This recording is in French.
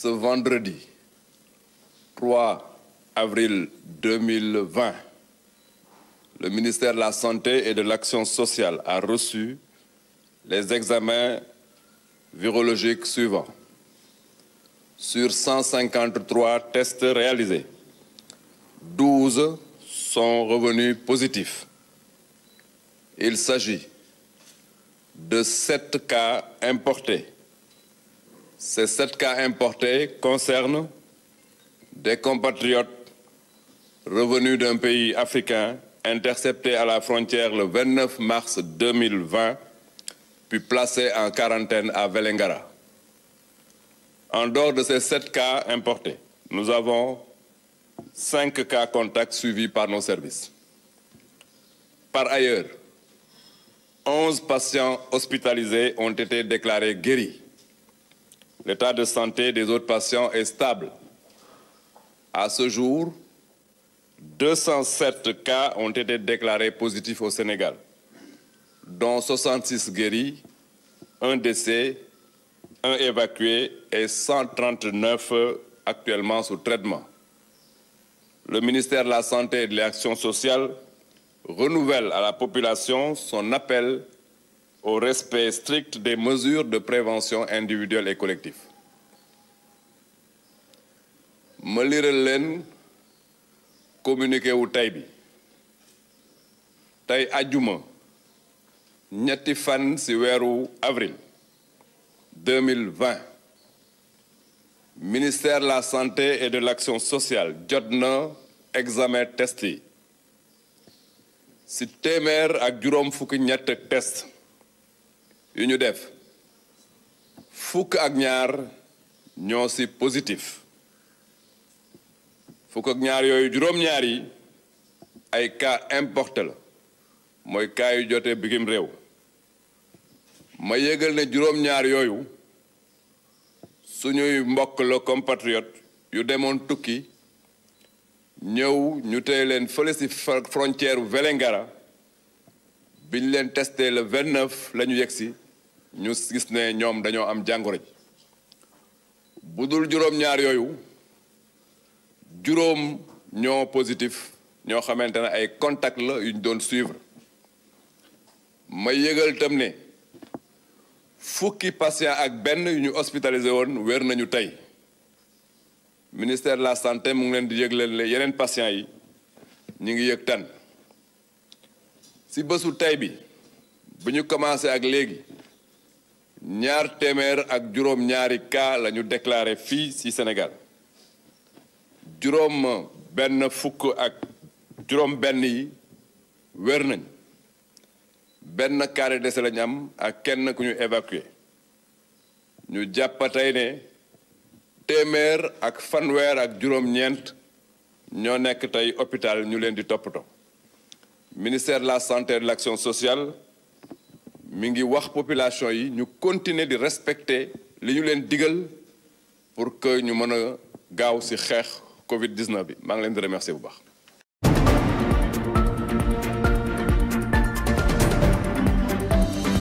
ce vendredi 3 avril 2020, le ministère de la Santé et de l'Action sociale a reçu les examens virologiques suivants. Sur 153 tests réalisés, 12 sont revenus positifs. Il s'agit de 7 cas importés ces sept cas importés concernent des compatriotes revenus d'un pays africain interceptés à la frontière le 29 mars 2020 puis placés en quarantaine à Velengara. En dehors de ces sept cas importés, nous avons cinq cas contacts suivis par nos services. Par ailleurs, onze patients hospitalisés ont été déclarés guéris L'état de santé des autres patients est stable. À ce jour, 207 cas ont été déclarés positifs au Sénégal, dont 66 guéris, 1 décès, 1 évacué et 139 actuellement sous traitement. Le ministère de la Santé et de l'Action sociale renouvelle à la population son appel au respect strict des mesures de prévention individuelle et collective ma Len, communiqué au Taibi. avril 2020 ministère de la santé et de l'action sociale Jodna, examen testé. Cité à téeméer ak test yu ñu def fukk ak ñaar ñoo ci positif ñaar yooyu juróom-ñaar yi ay cas importé la mooy cas yu jotee bigim réew ma yëgal ne juróom-ñaar yooyu suñuy mbokk la compatriote yu demoon tukki ñëw ñu tey leen fële ci frontière Vélingara biñ ñu leen testé le 29 lañu ñu ñu gis ne ñoom dañoo am jàngoro ji bu dul juróom-ñaar yooyu juróom ñoo positif ñoo xamante ne ay contact la yu ñu doon suivre ma yëgal tam ne fukki patient ak benn yu ñu hospitalisé woon wér nañu tey ministère de la santé mu ngi leen di yëg leen ne yeneen patient yi ñi ngi yëg tan ci bésu tey bi bu ñu commencé ak léegi ñaar téeméer ak juróom ñaari cas la ñu déclaré fii ci senegal juróom benn fukk ak juróom benn yi wér nañ benn cas de décès la am ak kenn ku ñu évacué ñu jàpp ne téeméer ak fanweer ak juróom-ñeent ñoo nekk tey hôpital ñu leen di toppatoo. ministère de la santé et de l'action sociale nous continuons de population continuer de respecter les ñu pour que nous puissions a Covid 19 Je vous remercie.